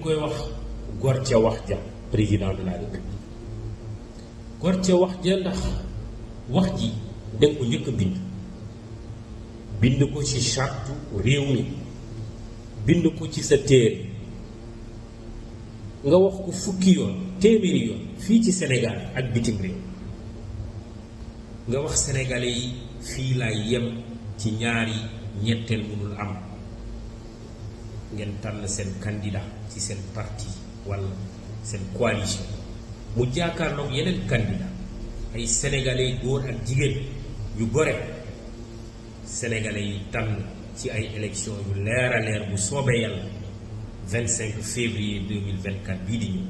ñu koy wax gor ca wax ja président de la république gor ca wax ja ndax wax ji danga ko njëkk bind bind ko ci charte réew mi bind ko ci sa téere nga wax ko fukki yoon téeméeri yoon fii ci Sénégal ak bitim réew nga wax sénégalais yi fii laay yem ci ñaari ñetteel mënul am ngeen tànn seen candidat ci seen parti wala seen coalition mu jàkkaarloog yeneen candidat ay sénégalais góor ak jigéen yu gore sénégalais yi tànn ci ay élection yu leer a leer bu soobee yàlla 25 février 2024 bii di ñëw